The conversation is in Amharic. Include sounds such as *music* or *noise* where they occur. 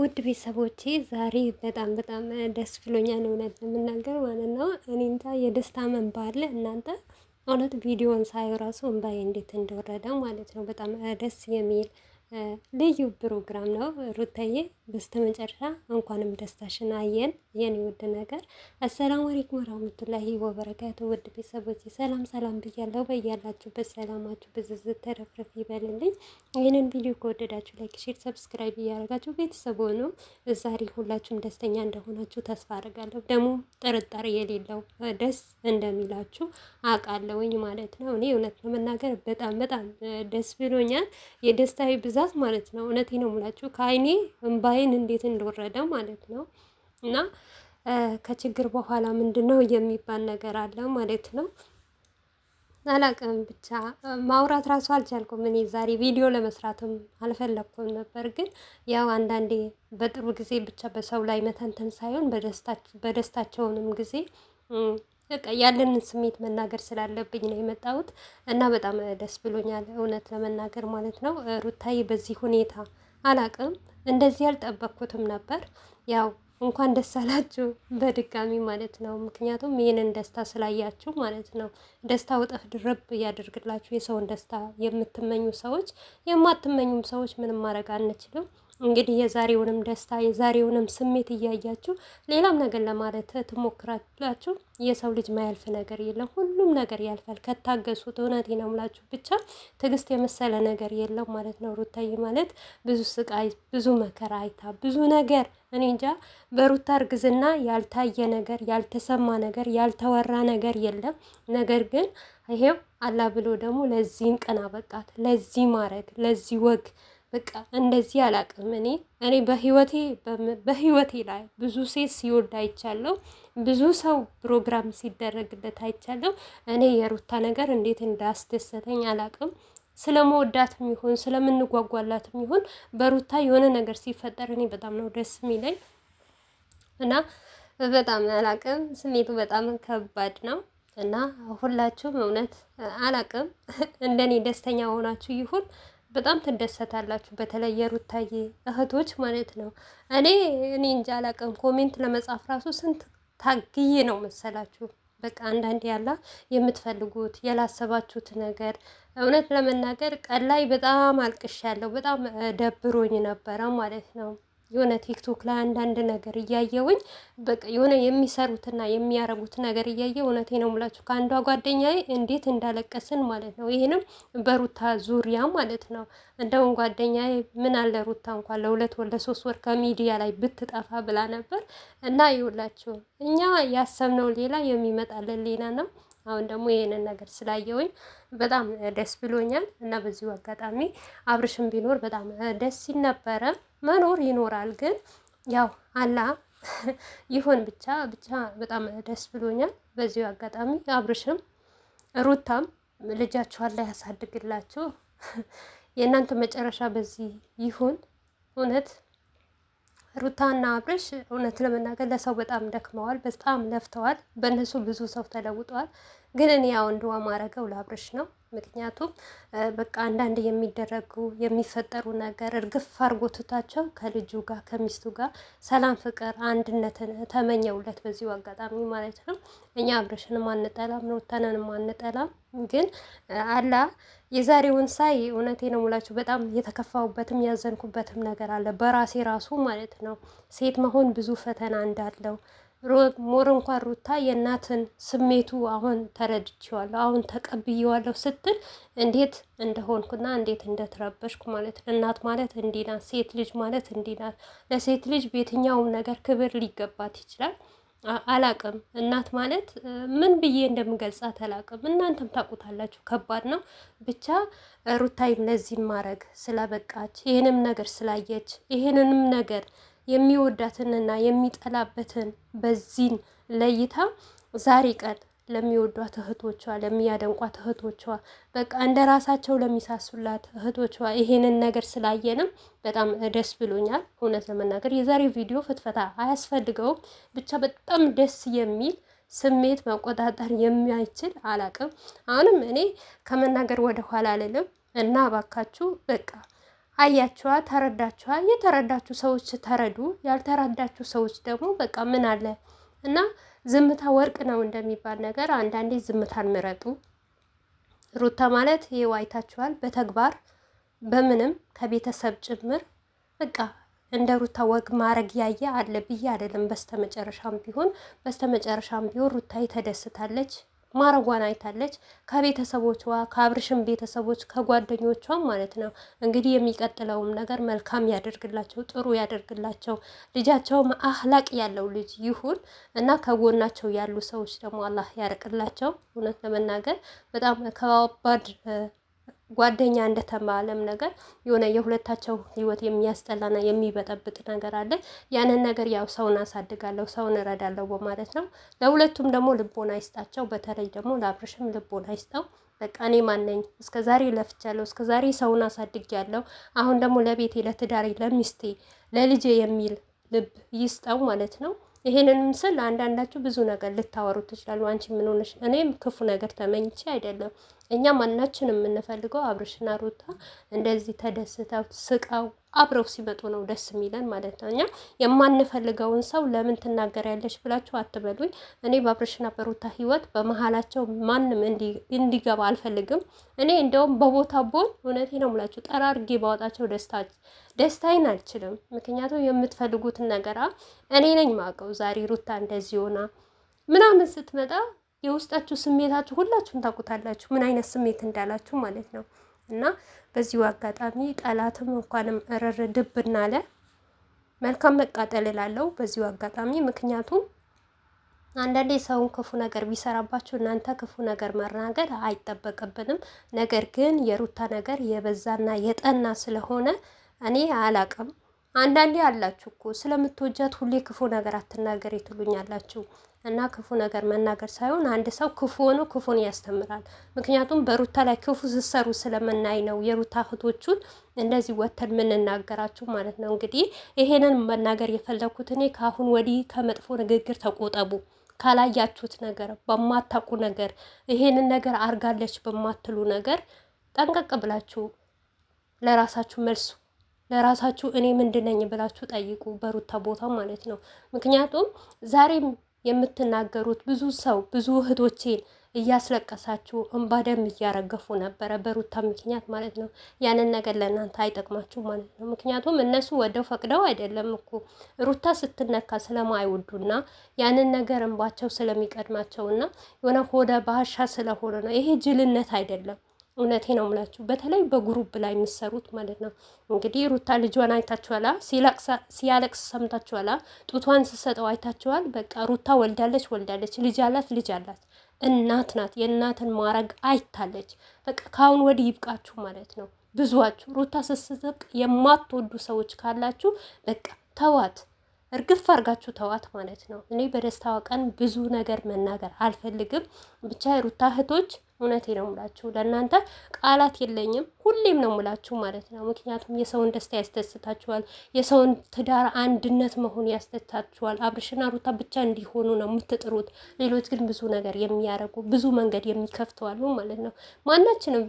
ውድ ቤተሰቦቼ ዛሬ በጣም በጣም ደስ ብሎኛል። እውነት የምናገር ማለት ነው። እኔ እንጃ የደስታ መንባ አለ እናንተ እውነት ቪዲዮን ሳየው ራሱ እንባዬ እንዴት እንደወረደ ማለት ነው። በጣም ደስ የሚል ልዩ ፕሮግራም ነው ሩታዬ በስተመጨረሻ እንኳንም ደስታሽን አየን የኔ ውድ ነገር። አሰላሙ አለይኩም ወራህመቱላሂ ወበረካቱ። ውድ ቤተሰቦች ሰላም ሰላም ብያለሁ። በያላችሁበት ሰላማችሁ ብዝዝ ተረፍረፍ ይበልልኝ። ይህንን ቪዲዮ ከወደዳችሁ ላይክ፣ ሼር፣ ሰብስክራይብ እያደረጋችሁ ቤተሰብ ሆኖ ዛሬ ሁላችሁም ደስተኛ እንደሆናችሁ ተስፋ አድርጋለሁ። ደግሞ ጥርጣሬ የሌለው ደስ እንደሚላችሁ አውቃለሁኝ ማለት ነው። እኔ እውነት ለመናገር በጣም በጣም ደስ ብሎኛል። የደስታዊ ብዛት ማለት ነው። እውነቴ ነው የምላችሁ ከአይኔ እምባዬ አይን እንዴት እንደወረደ ማለት ነው። እና ከችግር በኋላ ምንድን ነው የሚባል ነገር አለ ማለት ነው። አላቅም ብቻ ማውራት ራሱ አልቻልኩም። እኔ ዛሬ ቪዲዮ ለመስራትም አልፈለግኩም ነበር፣ ግን ያው አንዳንዴ በጥሩ ጊዜ ብቻ በሰው ላይ መተንተን ሳይሆን በደስታቸውንም ጊዜ በቃ ያለንን ስሜት መናገር ስላለብኝ ነው የመጣሁት እና በጣም ደስ ብሎኛል፣ እውነት ለመናገር ማለት ነው። ሩታዬ በዚህ ሁኔታ አላቅም እንደዚህ ያልጠበኩትም ነበር። ያው እንኳን ደስ አላችሁ በድጋሚ ማለት ነው። ምክንያቱም ይህንን ደስታ ስላያችሁ ማለት ነው። ደስታ ውጥፍ ድርብ እያደርግላችሁ የሰውን ደስታ የምትመኙ ሰዎች፣ የማትመኙም ሰዎች ምንም ማድረግ አንችልም። እንግዲህ የዛሬውንም ደስታ የዛሬውንም ስሜት እያያችሁ ሌላም ነገር ለማለት ትሞክራላችሁ። የሰው ልጅ ማያልፍ ነገር የለም፣ ሁሉም ነገር ያልፋል ከታገሱት። እውነቴ ነው የምላችሁ፣ ብቻ ትዕግስት የመሰለ ነገር የለም ማለት ነው። ሩታዬ ማለት ብዙ ስቃይ፣ ብዙ መከራ አይታ ብዙ ነገር እኔ እንጃ በሩታ እርግዝና ያልታየ ነገር፣ ያልተሰማ ነገር፣ ያልተወራ ነገር የለም። ነገር ግን ይሄው አላ ብሎ ደግሞ ለዚህም ቀን አበቃት፣ ለዚህ ማረግ፣ ለዚህ ወግ በቃ እንደዚህ አላቅም። እኔ እኔ በህይወቴ በህይወቴ ላይ ብዙ ሴት ሲወልድ አይቻለሁ። ብዙ ሰው ፕሮግራም ሲደረግለት አይቻለሁ። እኔ የሩታ ነገር እንዴት እንዳስደሰተኝ አላቅም። ስለመወዳትም ይሁን ስለምንጓጓላትም ይሁን በሩታ የሆነ ነገር ሲፈጠር እኔ በጣም ነው ደስ የሚለኝ እና በጣም አላቅም። ስሜቱ በጣም ከባድ ነው እና ሁላችሁም እውነት አላቅም እንደኔ ደስተኛ ሆናችሁ ይሁን በጣም ትደሰታላችሁ። በተለይ የሩታዬ እህቶች ማለት ነው። እኔ እኔ እንጃ አላውቅም። ኮሜንት ለመጻፍ ራሱ ስንት ታግዬ ነው መሰላችሁ። በቃ አንዳንድ ያላ የምትፈልጉት ያላሰባችሁት ነገር እውነት ለመናገር ቀላይ በጣም አልቅሻለሁ። በጣም ደብሮኝ ነበረ ማለት ነው። የሆነ ቲክቶክ ላይ አንዳንድ ነገር እያየውኝ በቃ የሆነ የሚሰሩትና የሚያረጉት ነገር እያየ እውነቴ ነው ሙላችሁ ከአንዷ ጓደኛዬ እንዴት እንዳለቀስን ማለት ነው። ይህንም በሩታ ዙሪያ ማለት ነው። እንደውም ጓደኛዬ ምን አለ ሩታ እንኳን ለሁለት ወር ለሶስት ወር ከሚዲያ ላይ ብትጠፋ ብላ ነበር እና ይውላችሁ እኛ ያሰብነው ሌላ የሚመጣልን ሌላ ነው። አሁን ደግሞ ይሄንን ነገር ስላየውኝ በጣም ደስ ብሎኛል እና በዚሁ አጋጣሚ አብርሽም ቢኖር በጣም ደስ ሲል መኖር ይኖራል። ግን ያው አላ *laughs* ይሆን ብቻ ብቻ በጣም ደስ ብሎኛል። በዚሁ አጋጣሚ አብርሽም ሩታም ልጃችኋን ላይ ያሳድግላችሁ። *laughs* የእናንተ መጨረሻ በዚህ ይሁን። እውነት ሩታና አብርሽ እውነት ለመናገር ለሰው በጣም ደክመዋል፣ በጣም ለፍተዋል። በእነሱ ብዙ ሰው ተለውጠዋል። ግን እኔ ያው እንደዋ ማረገው ለአብርሽ ነው። ምክንያቱም በቃ አንዳንድ የሚደረጉ የሚፈጠሩ ነገር እርግፍ አርጎትታቸው ከልጁ ጋር ከሚስቱ ጋር ሰላም፣ ፍቅር፣ አንድነትን ተመኘውለት በዚሁ አጋጣሚ ማለት ነው። እኛ አብረሽንም አንጠላም ሩታንንም አንጠላም። ግን አላ የዛሬውን ሳይ እውነቴ ነው ሙላችሁ በጣም የተከፋውበትም ያዘንኩበትም ነገር አለ በራሴ ራሱ ማለት ነው። ሴት መሆን ብዙ ፈተና እንዳለው ሞር እንኳን ሩታ የእናትን ስሜቱ አሁን ተረድቼዋለሁ፣ አሁን ተቀብዬዋለሁ ስትል እንዴት እንደሆንኩና እንዴት እንደተረበሽኩ ማለት ነው። እናት ማለት እንዲህ ናት። ሴት ልጅ ማለት እንዲህ ናት። ለሴት ልጅ በየትኛውም ነገር ክብር ሊገባት ይችላል። አላቅም እናት ማለት ምን ብዬ እንደምገልጻት አላቅም። እናንተም ታውቁታላችሁ። ከባድ ነው። ብቻ ሩታይም ለዚህም ማድረግ ስለበቃች ይህንም ነገር ስላየች ይህንንም ነገር የሚወዳትንና የሚጠላበትን በዚህን ለይታ ዛሬ ቀን ለሚወዷት እህቶቿ ለሚያደንቋት እህቶቿ በቃ እንደ ራሳቸው ለሚሳሱላት እህቶቿ ይሄንን ነገር ስላየንም በጣም ደስ ብሎኛል። እውነት ለመናገር የዛሬው ቪዲዮ ፍትፈታ አያስፈልገውም። ብቻ በጣም ደስ የሚል ስሜት መቆጣጠር የሚያይችል አላቅም። አሁንም እኔ ከመናገር ወደ ኋላ አልልም እና ባካችሁ በቃ አያችኋ፣ ተረዳችኋ። የተረዳችሁ ሰዎች ተረዱ፣ ያልተረዳችሁ ሰዎች ደግሞ በቃ ምን አለ እና ዝምታ ወርቅ ነው እንደሚባል ነገር አንዳንዴ ዝምታን ምረጡ። ሩታ ማለት ይኸው አይታችኋል፣ በተግባር በምንም ከቤተሰብ ጭምር በቃ እንደ ሩታ ወግ ማድረግ ያየ አለ ብዬ አይደለም። በስተመጨረሻም ቢሆን በስተመጨረሻም ቢሆን ሩታ ተደስታለች። ማረጓን አይታለች። ከቤተሰቦቿ ከአብርሽም ቤተሰቦች ከጓደኞቿም ማለት ነው እንግዲህ የሚቀጥለውም ነገር መልካም ያደርግላቸው፣ ጥሩ ያደርግላቸው። ልጃቸውም አህላቅ ያለው ልጅ ይሁን እና ከጎናቸው ያሉ ሰዎች ደግሞ አላህ ያርቅላቸው። እውነት ለመናገር በጣም ከባባድ ጓደኛ እንደተባለም ነገር የሆነ የሁለታቸው ህይወት የሚያስጠላና የሚበጠብጥ ነገር አለ። ያንን ነገር ያው ሰውን አሳድጋለሁ፣ ሰውን እረዳለሁ ማለት ነው። ለሁለቱም ደግሞ ልቦና አይስጣቸው። በተለይ ደግሞ ለአብርሽም ልቦና አይስጠው። በቃ እኔ ማነኝ? እስከ ዛሬ ለፍቻለሁ፣ እስከ ዛሬ ሰውን አሳድጌያለሁ። አሁን ደግሞ ለቤቴ፣ ለትዳሬ፣ ለሚስቴ፣ ለልጄ የሚል ልብ ይስጠው ማለት ነው። ይሄንንም ስል አንዳንዳችሁ ብዙ ነገር ልታወሩ ትችላሉ። አንቺ ምን ሆነሽ? እኔም ክፉ ነገር ተመኝቼ አይደለም። እኛ ማናችን የምንፈልገው አብርሽና ሩታ እንደዚህ ተደስተው ስቀው አብረው ሲመጡ ነው ደስ የሚለን ማለት ነው። እኛ የማንፈልገውን ሰው ለምን ትናገሪያለሽ ብላችሁ አትበሉኝ። እኔ በአብረሽና በሩታ ህይወት በመሀላቸው ማንም እንዲገባ አልፈልግም። እኔ እንደውም በቦታ ቦን እውነቴ ነው ሙላችሁ ጠራርጌ ባወጣቸው ደስታ ደስታይን አልችልም። ምክንያቱም የምትፈልጉትን ነገር እኔ ነኝ ማውቀው። ዛሬ ሩታ እንደዚህ ሆና ምናምን ስትመጣ የውስጣችሁ ስሜታችሁ ሁላችሁም ታውቁታላችሁ፣ ምን አይነት ስሜት እንዳላችሁ ማለት ነው እና በዚሁ አጋጣሚ ጠላትም እንኳንም እርር ድብና አለ መልካም መቃጠል እላለሁ በዚሁ አጋጣሚ። ምክንያቱም አንዳንዴ ሰውን ክፉ ነገር ቢሰራባችሁ እናንተ ክፉ ነገር መናገር አይጠበቅብንም። ነገር ግን የሩታ ነገር የበዛና የጠና ስለሆነ እኔ አላቅም አንዳንዴ አላችሁ እኮ ስለምትወጃት ሁሌ ክፉ ነገር አትናገር ትሉኛላችሁ። እና ክፉ ነገር መናገር ሳይሆን አንድ ሰው ክፉ ሆኖ ክፉን ያስተምራል። ምክንያቱም በሩታ ላይ ክፉ ስሰሩ ስለምናይ ነው የሩታ እህቶቹን እንደዚህ ወተን የምንናገራችሁ ማለት ነው። እንግዲህ ይሄንን መናገር የፈለኩት እኔ ከአሁን ወዲህ ከመጥፎ ንግግር ተቆጠቡ። ካላያችሁት ነገር በማታውቁ ነገር ይሄንን ነገር አርጋለች በማትሉ ነገር ጠንቀቅ ብላችሁ ለራሳችሁ መልሱ ለራሳችሁ እኔ ምንድነኝ ብላችሁ ጠይቁ፣ በሩታ ቦታ ማለት ነው። ምክንያቱም ዛሬም የምትናገሩት ብዙ ሰው ብዙ እህቶቼን እያስለቀሳችሁ እንባ ደም እያረገፉ ነበረ፣ በሩታ ምክንያት ማለት ነው። ያንን ነገር ለእናንተ አይጠቅማችሁ ማለት ነው። ምክንያቱም እነሱ ወደው ፈቅደው አይደለም እኮ ሩታ ስትነካ ስለማይወዱና ያንን ነገር እንባቸው ስለሚቀድማቸውና የሆነ ሆደ ባሻ ስለሆነ ነው። ይሄ ጅልነት አይደለም። እውነቴ ነው የምላችሁ። በተለይ በጉሩብ ላይ የሚሰሩት ማለት ነው። እንግዲህ ሩታ ልጇን አይታችኋላ፣ ሲያለቅስ ሰምታችኋላ፣ ጡቷን ስሰጠው አይታችኋል። በቃ ሩታ ወልዳለች ወልዳለች፣ ልጅ አላት ልጅ አላት፣ እናት ናት። የእናትን ማረግ አይታለች። በቃ ከአሁን ወዲህ ይብቃችሁ ማለት ነው። ብዙዋችሁ ሩታ ስትስቅ የማትወዱ ሰዎች ካላችሁ በቃ ተዋት። እርግፍ አርጋችሁ ተዋት ማለት ነው። እኔ በደስታዋ ቀን ብዙ ነገር መናገር አልፈልግም። ብቻ የሩታ እህቶች እውነቴ ነው ሙላችሁ፣ ለእናንተ ቃላት የለኝም። ሁሌም ነው ሙላችሁ ማለት ነው። ምክንያቱም የሰውን ደስታ ያስደስታችኋል፣ የሰውን ትዳር አንድነት መሆን ያስደስታችኋል። አብርሽና ሩታ ብቻ እንዲሆኑ ነው የምትጥሩት። ሌሎች ግን ብዙ ነገር የሚያደርጉ ብዙ መንገድ የሚከፍተዋሉ ማለት ነው ማናችንም